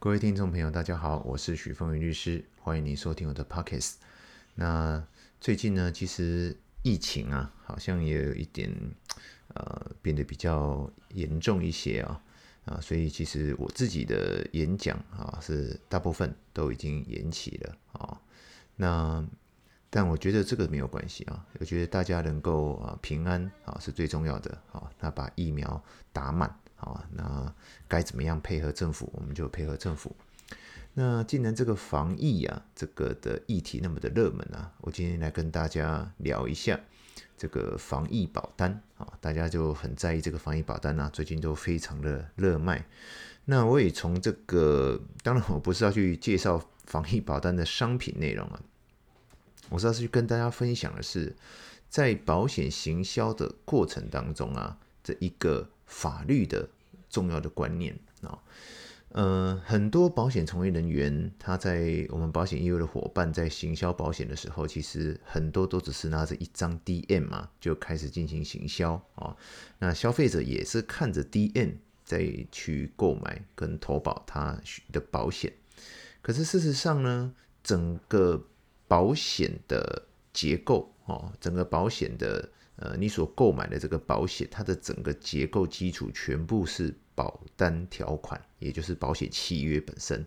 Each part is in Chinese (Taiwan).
各位聽眾朋友，大家好，我是許峰源律師，歡迎您收聽我的 podcast。那最近呢，其實疫情啊，好像也有一點呃變得比較嚴重一些啊、哦、啊、呃，所以其實我自己的演講啊、呃，是大部分都已經延期了啊、呃。那但我覺得這個沒有關係啊，我覺得大家能夠啊、呃、平安啊、呃、是最重要的啊，那、呃、把疫苗打滿。好，那該怎麼樣配合政府，我們就配合政府。那既然這個防疫啊，這個的議題那麼的熱門啊，我今天來跟大家聊一下這個防疫保單啊，大家就很在意這個防疫保單啊，最近都非常的熱賣。那我也從這個，當然我不是要去介紹防疫保單的商品內容啊，我是要去跟大家分享的是，在保險行銷的過程當中啊，這一個法律的。重要的觀念啊、哦，呃，很多保險從業人員，他在我們保險業務的夥伴在行銷保險的時候，其實很多都只是拿着一張 DM 嘛，就開始進行行銷啊、哦。那消費者也是看着 DM 再去購買跟投保他的保險。可是事實上呢，整個保險的結構哦，整個保險的呃，你所購買的這個保險，它的整個結構基礎全部是。保單條款，也就是保險契約本身，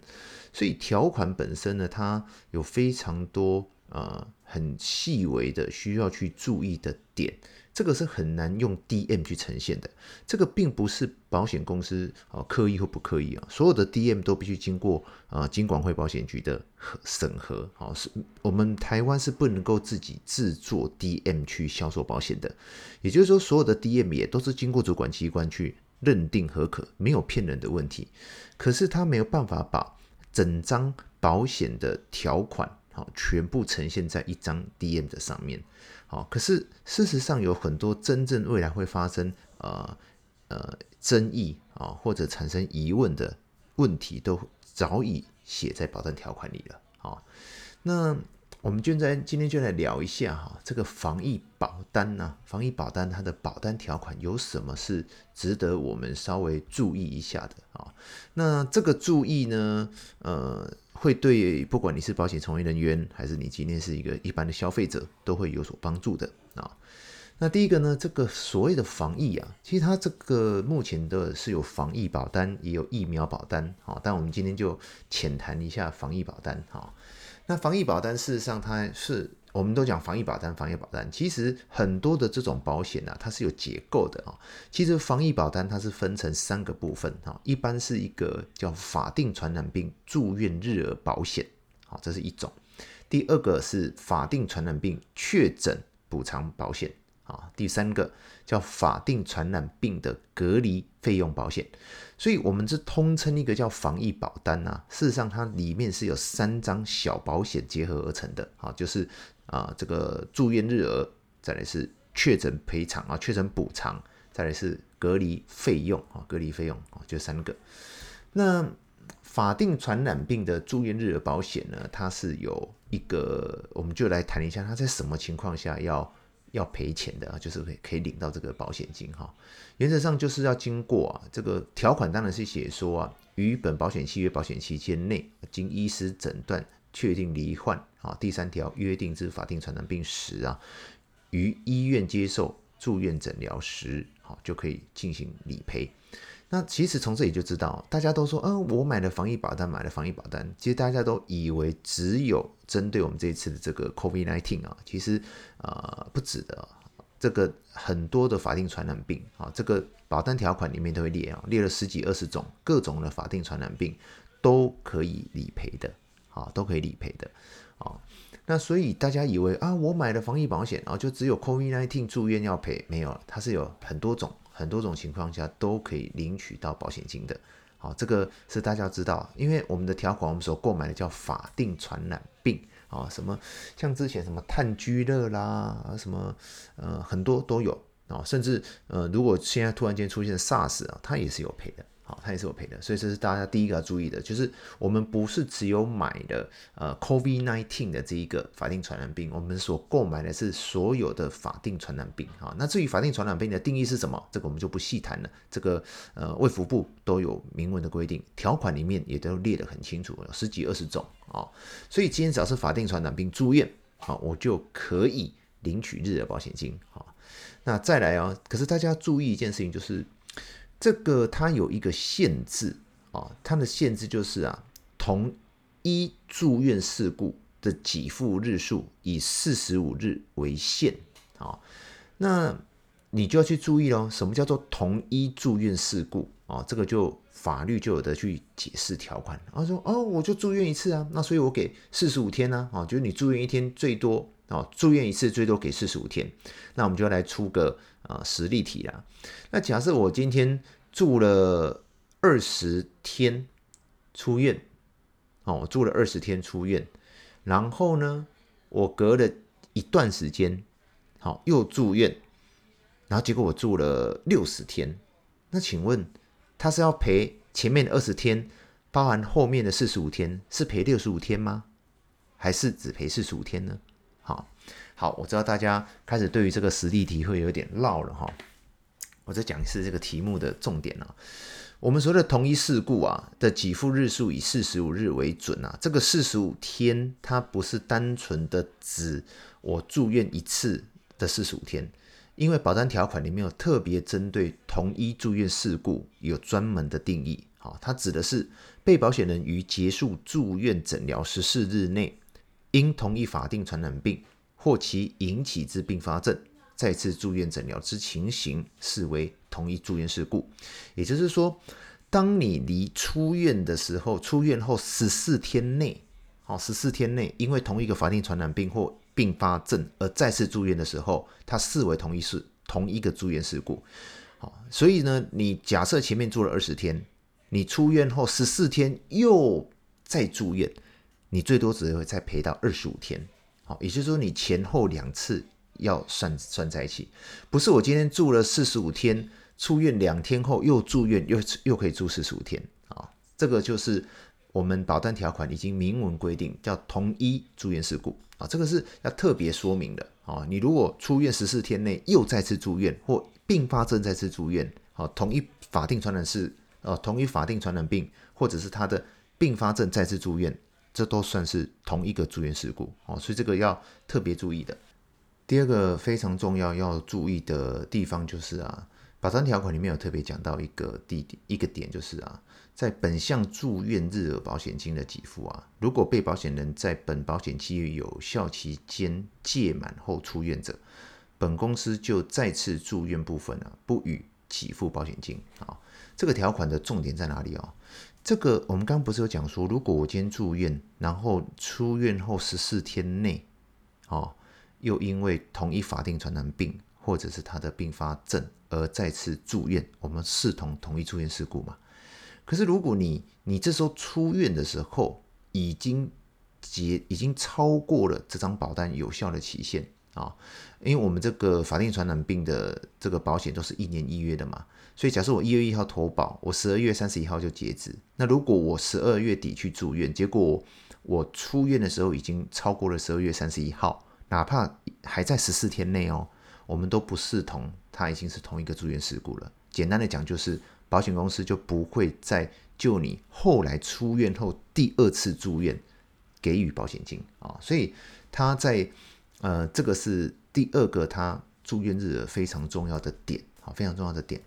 所以條款本身呢，它有非常多呃很細微的需要去注意的點，這個是很難用 DM 去呈現的。這個並不是保險公司啊、呃、刻意或不刻意啊，所有的 DM 都必須經過啊、呃、金管會保險局的審核，好、哦、是我們台灣是不能夠自己制作 DM 去銷售保險的，也就是說，所有的 DM 也都是經過主管機關去。認定合，可沒有騙人的問題，可是他沒有辦法把整張保險的條款好，全部呈現在一張 DM 的上面，好，可是事實上有很多真正未來會發生呃呃爭議啊或者產生疑問的問題都早已寫在保單條款裡了啊，那。我們今天今天就來聊一下哈，這個防疫保單啊，防疫保單它的保單條款有什麼是值得我們稍微注意一下的啊？那這個注意呢，呃，會對不管你是保險從業人員，還是你今天是一個一般的消費者，都會有所幫助的啊。那第一個呢，這個所謂的防疫啊，其實它這個目前的是有防疫保單，也有疫苗保單啊，但我們今天就淺談一下防疫保單那防疫保單，事實上它是，我們都講防疫保單，防疫保單，其實很多的這種保險呢啊，它是有結構的啊。其實防疫保單它是分成三個部分啊，一般是一個叫法定傳染病住院日額保險，好，這是一種；第二個是法定傳染病確診補償保險。啊，第三個叫法定傳染病的隔離費用保險，所以我們這通稱一個叫防疫保單啊。事實上，它裡面是有三張小保險結合而成的啊，就是啊，這個住院日額，再來是確診賠償啊，確診補償，再來是隔離費用啊，隔離費用啊，就三個。那法定傳染病的住院日額保險呢，它是有一個，我們就來談一下，它在什麼情況下要，要賠錢的啊，就是可以領到這個保險金哈。原則上就是要經過啊，這個條款當然是寫說啊，於本保險契約保險期間內，經醫師診斷確定罹患啊第三條約定之法定傳染病時啊，於醫院接受住院診療時，好就可以進行理賠。那其實從這裡就知道，大家都說，嗯、呃，我買了防疫保單，買了防疫保單。其實大家都以為只有針對我們這一次的這個 COVID-19 啊，其實、呃，不止的。這個很多的法定傳染病啊，這個保單條款裡面都會列啊，列了十幾二十種各種的法定傳染病，都可以理賠的啊，都可以理賠的啊。那所以大家以為啊，我買了防疫保險啊，就只有 COVID-19 住院要賠，沒有，它是有很多種。很多種情況下都可以領取到保險金的，好、哦，這個是大家知道，因為我們的條款，我們所購買的叫法定傳染病，啊、哦，什麼像之前什麼炭疽熱啦，啊，什麼呃，很多都有，啊、哦，甚至呃，如果現在突然間出現 SARS 啊，它也是有賠的。它也是我賠的，所以這是大家第一個要注意的，就是我們不是只有買了呃 COVID nineteen 的這一個法定傳染病，我們所購買的是所有的法定傳染病。好，那至於法定傳染病的定義是什麼，這個我們就不細談了。這個呃，衛福部都有明文的規定，條款裡面也都列得很清楚，有十幾二十種啊。所以今天只要是法定傳染病住院，好，我就可以領取日的保險金。好，那再來哦，可是大家注意一件事情，就是。這個它有一個限制啊，它的限制就是啊，同一住院事故的給付日數以四十五日為限啊。那你就要去注意咯，什麼叫做同一住院事故啊？這個就法律就有的去解釋條款。然後說哦，我就住院一次啊，那所以我給四十五天呢啊，就是你住院一天最多。哦，住院一次最多給四十五天，那我們就要來出個啊實例題啦。那假設我今天住了二十天出院，哦，我住了二十天出院，然後呢，我隔了一段時間，好又住院，然後結果我住了六十天，那請問他是要賠前面的二十天，包含後面的四十五天，是賠六十五天嗎？還是只賠四十五天呢？好，我知道大家開始對於這個實例題會有點繞了哈，我再講一次這個題目的重點啊。我們說的同一事故啊的給付日數以四十五日為準啊，這個四十五天它不是單純的指我住院一次的四十五天，因為保單條款裡面有特別針對同一住院事故有專門的定義啊，它指的是被保險人於結束住院診療十四日內，因同一法定傳染病。或其引起之併發症，再次住院診療之情形，視為同一住院事故。也就是說，當你離出院的時候，出院後十四天內，哦十四天內，因為同一個法定傳染病或併發症而再次住院的時候，它視為同一事同一個住院事故。好，所以呢，你假設前面住了二十天，你出院後十四天又再住院，你最多只會再賠到二十五天。也就是說，你前後兩次要算算在一起，不是我今天住了四十五天，出院兩天後又住院又，又又可以住四十五天啊？這個就是我們保單條款已經明文規定，叫同一住院事故啊，這個是要特別說明的啊。你如果出院十四天內又再次住院，或併發症再次住院，哦，同一法定傳染是，哦，同一法定傳染病，或者是他的并發症再次住院。這都算是同一個住院事故哦，所以這個要特別注意的。第二個非常重要要注意的地方就是啊，保單條款裡面有特別講到一個地點，一個點，就是啊，在本項住院日額保險金的給付啊，如果被保險人在本保險期有效期間屆滿後出院者，本公司就再次住院部分啊，不予給付保險金啊。這個條款的重點在哪裡哦？這個我們剛剛不是有講說，如果我今天住院，然後出院後十四天內，哦，又因為同一法定傳染病或者是他的并發症而再次住院，我們視同同一住院事故嘛。可是如果你你這時候出院的時候已經結已經超過了這張保單有效的期限啊，哦，因為我們這個法定傳染病的這個保險都是一年一約的嘛。所以，假設我一月一號投保，我十二月三十一號就截止。那如果我十二月底去住院，結果我出院的時候已經超過了十二月三十一號，哪怕還在十四天內哦，我們都不視同他已經是同一個住院事故了。簡單的講，就是保險公司就不會再就你後來出院後第二次住院給予保險金啊。所以，他在呃，這個是第二個他住院日的非常重要的點啊，非常重要的點。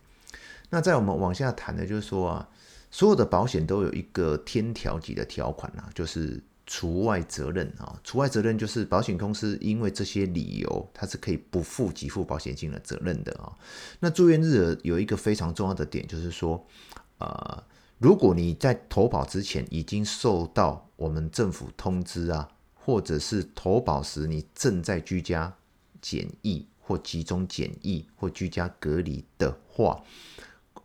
那在我們往下談的，就是說啊，所有的保險都有一個天條級的條款啊，就是除外責任啊。除外責任就是保險公司因為這些理由，它是可以不負給付保險金的責任的啊。那住院日有一個非常重要的點，就是說，啊、呃，如果你在投保之前已經受到我們政府通知啊，或者是投保時你正在居家檢疫或集中檢疫或居家隔離的話。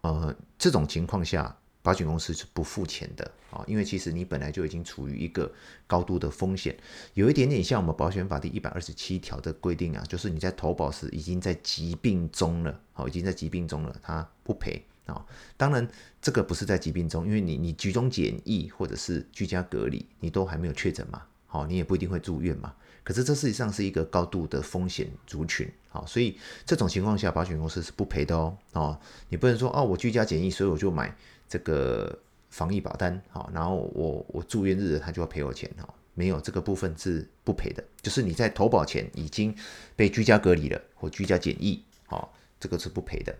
呃，這種情況下，保險公司是不付錢的啊、哦，因為其實你本來就已經處於一個高度的風險，有一點點像我們保險法第一百二十七條的規定啊，就是你在投保時已經在疾病中了，好、哦，已經在疾病中了，他不賠啊、哦。當然，這個不是在疾病中，因為你你集中檢疫或者是居家隔離，你都還沒有確診嘛，好、哦，你也不一定會住院嘛。可是這事實上是一個高度的風險族群，好，所以這種情況下，保險公司是不賠的哦，哦，你不能說哦、啊，我居家檢疫，所以我就買這個防疫保單，好，然後我我住院日他就要賠我錢，哈、哦，沒有這個部分是不賠的，就是你在投保前已經被居家隔離了或居家檢疫，好、哦，這個是不賠的。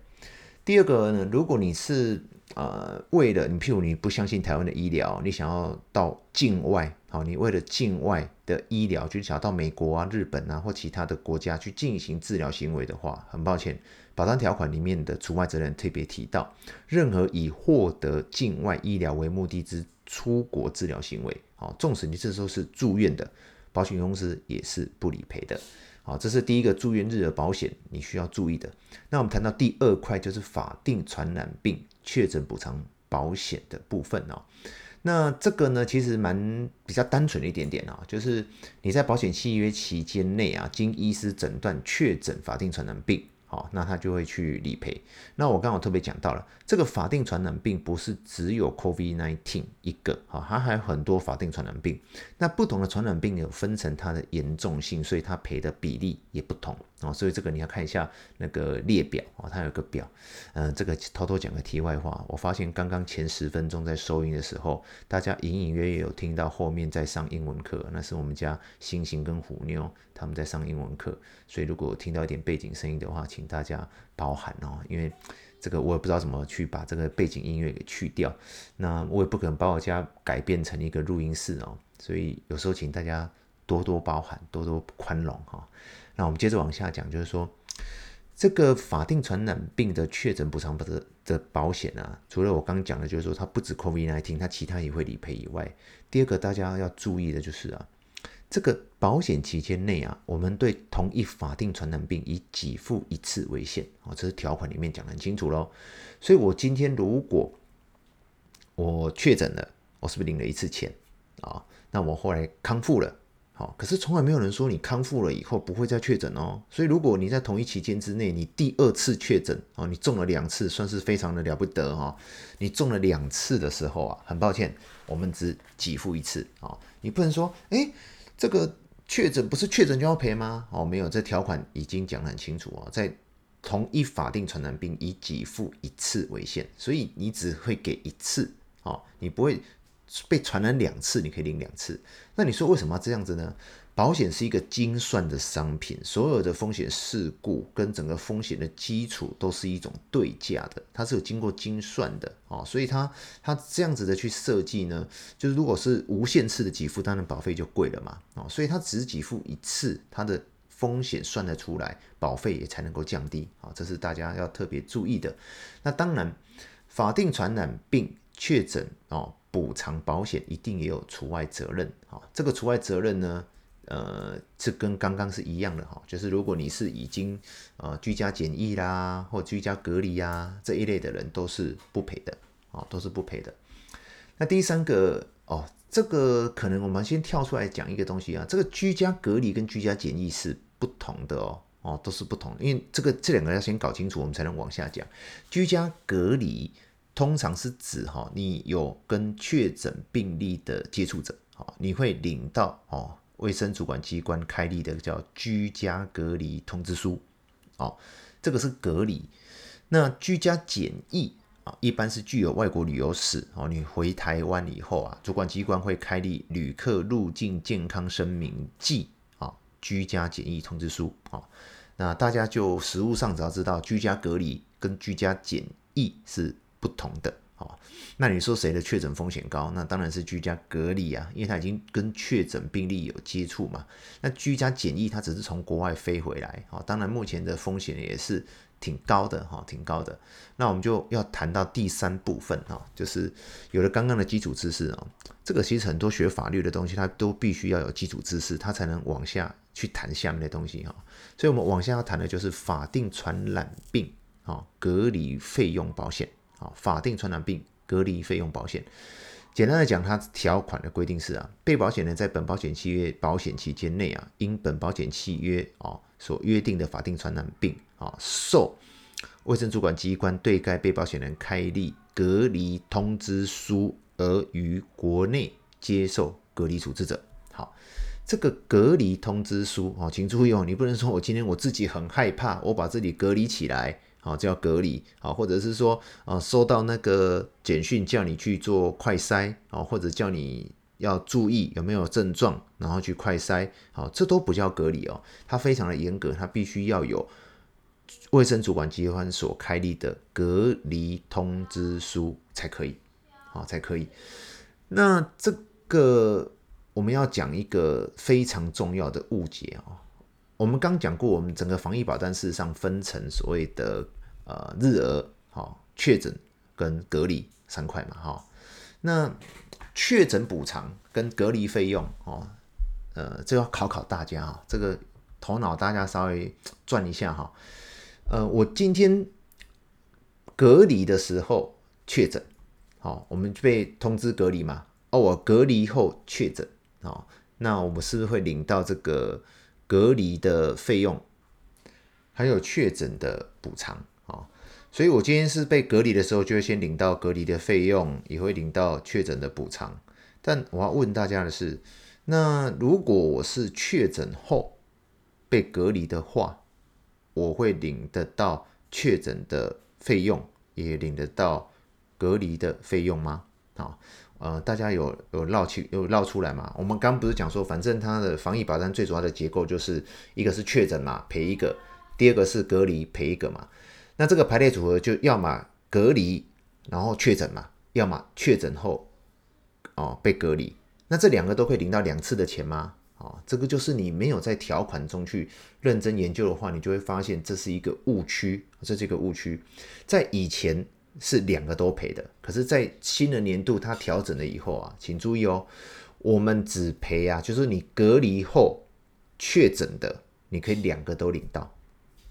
第二個呢，如果你是呃，為了你，譬如，你不相信台灣的醫療，你想要到境外，好，你為了境外的醫療，就想到美國啊、日本啊或其他的國家去進行治療行為的話，很抱歉，保單條款裡面的除外責任特別提到，任何以獲得境外醫療為目的之出國治療行為，好，縱使你這時候是住院的，保險公司也是不理賠的。啊，這是第一個住院日的保險，你需要注意的。那我們談到第二塊，就是法定傳染病確診補償保險的部分哦。那這個呢，其實蠻比較單純的一點點哦，就是你在保險契約期間內啊，經醫師診斷確診法定傳染病。好，那他就會去理賠。那我剛好特別講到了，這個法定傳染病不是只有 COVID-19 一個啊，它還有很多法定傳染病。那不同的傳染病有分成它的嚴重性，所以它賠的比例也不同。哦，所以這個你要看一下那個列表，哦，它有個表。嗯，呃，這個偷偷講個題外話，我發現剛剛前十分鐘在收音的時候，大家隱隱約約有聽到後面在上英文課，那是我們家星星跟虎妞他們在上英文課。所以如果聽到一點背景聲音的話，請大家包涵哦，因為這個我也不知道怎麼去把這個背景音樂給去掉，那我也不可能把我家改變成一個錄音室哦。所以有時候請大家。多多包涵，多多寬容哈。那我們接着往下講，就是說這個法定傳染病的確診補償的的保險啊，除了我剛剛講的，就是說它不止 COVID-19，它其他也會理賠以外，第二個大家要注意的就是啊，這個保險期間內啊，我們對同一法定傳染病以給付一次為限哦，這是條款裡面講的很清楚嘍。所以我今天如果我確診了，我是不是領了一次錢啊？那我後來康復了。可是從來沒有人說你康復了以後不會再確診哦。所以如果你在同一期間之內你第二次確診哦，你中了兩次算是非常的了不得哈、喔。你中了兩次的時候啊，很抱歉，我們只給付一次啊、喔。你不能說哎、欸，這個確診不是確診就要賠嗎？哦，沒有，這條款已經講得很清楚哦、喔，在同一法定傳染病以給付一次為限，所以你只會給一次哦、喔，你不會。被傳染兩次，你可以領兩次。那你說為什麼這樣子呢？保險是一個精算的商品，所有的風險事故跟整個風險的基礎都是一種對價的，它是有經過精算的啊、哦。所以它它這樣子的去設計呢，就是如果是無限次的給付，當然保費就貴了嘛哦，所以它只給付一次，它的風險算得出來，保費也才能夠降低啊、哦。這是大家要特別注意的。那當然，法定傳染病確診哦。補償保險一定也有除外責任，哈，這個除外責任呢，呃，是跟剛剛是一樣的，哈，就是如果你是已經呃居家檢疫啦，或者居家隔離啊這一類的人，都是不賠的，啊，都是不賠的。那第三個哦，這個可能我們先跳出來講一個東西啊，這個居家隔離跟居家檢疫是不同的哦，哦，都是不同，因為這個這兩個要先搞清楚，我們才能往下講。居家隔離。通常是指哈，你有跟確診病例的接觸者，啊，你會領到哦，衛生主管機關開立的叫居家隔離通知書，哦，這個是隔離。那居家檢疫啊，一般是具有外國旅遊史哦，你回台灣以後啊，主管機關會開立旅客入境健康聲明暨啊，居家檢疫通知書啊。那大家就實務上只要知道居家隔離跟居家檢疫是。不同的哦，那你說誰的確診風險高？那當然是居家隔離啊，因為他已經跟確診病例有接觸嘛。那居家檢疫，他只是從國外飛回來啊，當然目前的風險也是挺高的哈，挺高的。那我們就要談到第三部分啊，就是有了剛剛的基礎知識啊，這個其實很多學法律的東西，它都必須要有基礎知識，它才能往下去談下面的東西啊。所以我們往下要談的就是法定傳染病啊，隔離費用保險。啊，法定傳染病隔離費用保險，簡單的講，它條款的規定是啊，被保險人在本保險契約保險期間內啊，因本保險契約啊、哦、所約定的法定傳染病啊，受、哦、衛、so, 生主管機關對該被保險人開立隔離通知書而於國內接受隔離處置者，好，這個隔離通知書啊、哦，請注意哦，你不能說我今天我自己很害怕，我把自己隔離起來。啊、哦，叫隔離啊、哦，或者是說，啊、哦，收到那個簡訊叫你去做快篩啊、哦，或者叫你要注意有沒有症狀，然後去快篩，好、哦，這都不叫隔離哦，它非常的嚴格，它必須要有衛生主管機關所開立的隔離通知書才可以，好、哦、才可以。那這個我們要講一個非常重要的誤解哦。我們剛講過，我們整個防疫保單事實上分成所謂的呃日額哈、哦、確診跟隔離三塊嘛哈、哦。那確診補償跟隔離費用哦，呃，這要考考大家哈、哦，這個頭腦大家稍微轉一下哈、哦。呃，我今天隔離的時候確診，好、哦，我們被通知隔離嘛，哦，我隔離後確診，哦，那我們是不是會領到這個？隔離的費用，還有確診的補償啊，所以我今天是被隔離的時候，就會先領到隔離的費用，也會領到確診的補償。但我要問大家的是，那如果我是確診後被隔離的話，我會領得到確診的費用，也領得到隔離的費用嗎？呃，大家有有鬧去有鬧出來嘛？我們剛剛不是講說，反正它的防疫保單最主要的結構就是一個是確診嘛，賠一個；第二個是隔離賠一個嘛。那這個排列組合就要麼隔離然後確診嘛，要麼確診後哦被隔離。那這兩個都可以領到兩次的錢嗎？哦，這個就是你沒有在條款中去認真研究的話，你就會發現這是一個誤區，這是一個誤區。在以前。是兩個都賠的，可是，在新的年度它調整了以後啊，請注意哦，我們只賠啊，就是你隔離後確診的，你可以兩個都領到；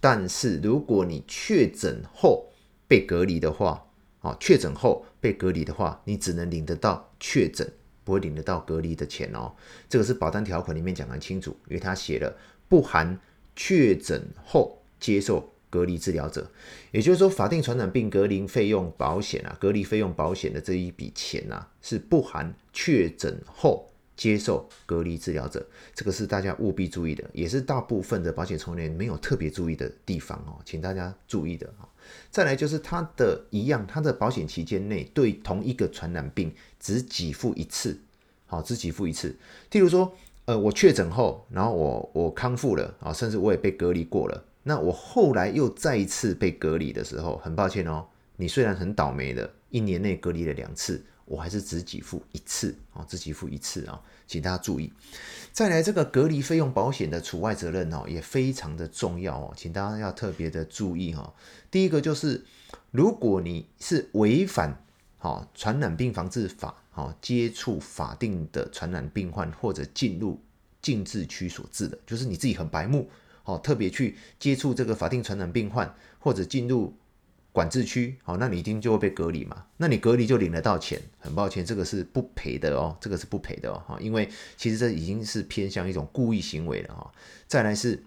但是如果你確診後被隔離的話，啊、哦，確診後被隔離的話，你只能領得到確診，不會領得到隔離的錢哦。這個是保單條款裡面講得很清楚，因為它寫了不含確診後接受。隔離治療者，也就是說，法定傳染病隔離費用保險啊，隔離費用保險的這一筆錢呢、啊，是不含確診後接受隔離治療者，這個是大家務必注意的，也是大部分的保險從業人員沒有特別注意的地方哦，請大家注意的。再來就是它的一樣，它的保險期間內對同一個傳染病只給付一次，好，只給付一次。例如說，呃，我確診後，然後我我康復了啊，甚至我也被隔離過了。那我後來又再一次被隔離的時候，很抱歉哦，你雖然很倒霉的，一年內隔離了兩次，我還是只給付一次啊、哦，只給付一次啊、哦，請大家注意。再來，這個隔離費用保險的除外責任哦，也非常的重要哦，請大家要特別的注意哈、哦。第一個就是，如果你是違反啊、哦、傳染病防治法，啊、哦、接觸法定的傳染病患或者進入禁制區所致的，就是你自己很白目。哦，特別去接觸這個法定傳染病患，或者進入管制區，哦，那你一定就會被隔離嘛？那你隔離就領得到錢。很抱歉，這個是不賠的哦，這個是不賠的哦，因為其實這已經是偏向一種故意行為了哈。再來是，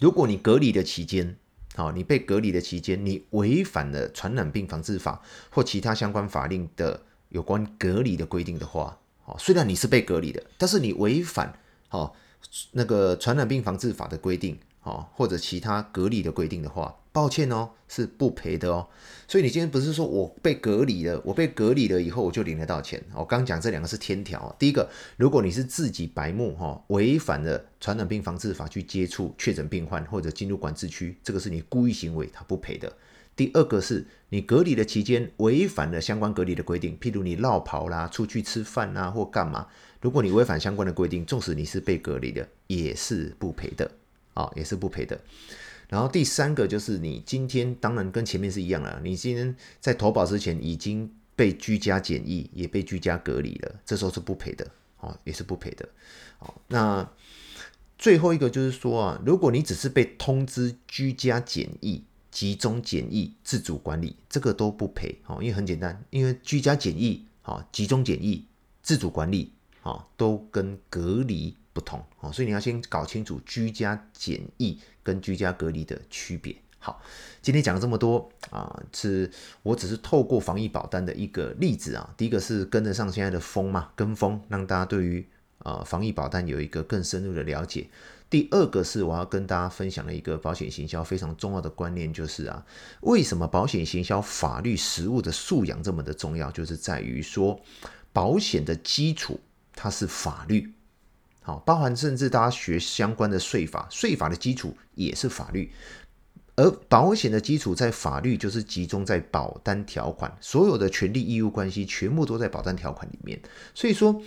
如果你隔離的期間，好，你被隔離的期間，你違反了傳染病防治法或其他相關法令的有關隔離的規定的話，哦，雖然你是被隔離的，但是你違反，哦。那個傳染病防治法的規定哦，或者其他隔離的規定的話，抱歉哦，是不賠的哦。所以你今天不是說我被隔離了，我被隔離了以後我就領得到錢？我剛講這兩個是天條。第一個，如果你是自己白目哈，違反了傳染病防治法去接觸確診病患或者進入管制區，這個是你故意行為，他不賠的。第二個是你隔離的期間違反了相關隔離的規定，譬如你落跑啦、出去吃飯啦或幹嘛。如果你違反相關的規定，縱使你是被隔離的，也是不賠的啊，哦，也是不賠的。然後第三個就是你今天當然跟前面是一樣了，你今天在投保之前已經被居家檢疫，也被居家隔離了，這時候是不賠的啊，哦，也是不賠的。哦，那最後一個就是說啊，如果你只是被通知居家檢疫、集中檢疫、自主管理，這個都不賠哦，因為很簡單，因為居家檢疫啊，哦，集中檢疫、自主管理。啊，都跟隔離不同哦，所以你要先搞清楚居家檢疫跟居家隔離的區別。好，今天講了這麼多啊、呃，是我只是透過防疫保單的一個例子啊。第一個是跟得上現在的風嘛，跟風，讓大家對於呃防疫保單有一個更深入的了解。第二個是我要跟大家分享的一個保險行銷非常重要的觀念，就是啊，為什麼保險行銷法律實務的素養這麼的重要，就是在於說保險的基礎。它是法律，好，包含甚至大家學相關的稅法，稅法的基礎也是法律，而保險的基礎在法律就是集中在保單條款，所有的權利義務關係全部都在保單條款裡面。所以說，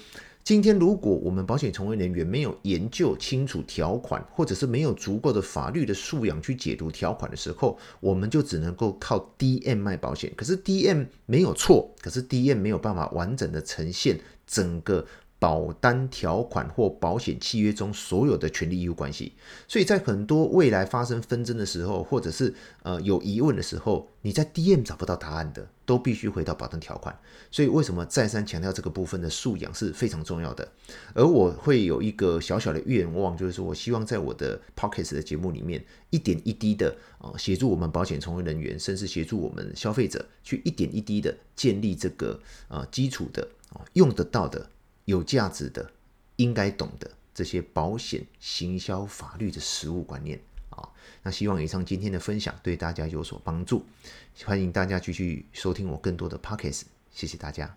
今天如果我們保險從業人員沒有研究清楚條款，或者是沒有足夠的法律的素養去解讀條款的時候，我們就只能夠靠 DM 賣保險。可是 DM 沒有錯，可是 DM 沒有辦法完整的呈現整個。保單條款或保險契約中所有的權利義務關係，所以在很多未來發生紛爭的時候，或者是呃有疑問的時候，你在 DM 找不到答案的，都必須回到保單條款。所以為什麼再三強調這個部分的素養是非常重要的？而我會有一個小小的願望，就是說我希望在我的 Podcast 的節目裡面，一點一滴的啊，協助我們保險從業人員，甚至協助我們消費者，去一點一滴的建立這個呃基礎的用得到的。有價值的，應該懂得這些保險行銷法律的實務觀念啊。那希望以上今天的分享對大家有所幫助，歡迎大家繼續收聽我更多的 Podcast。謝謝大家。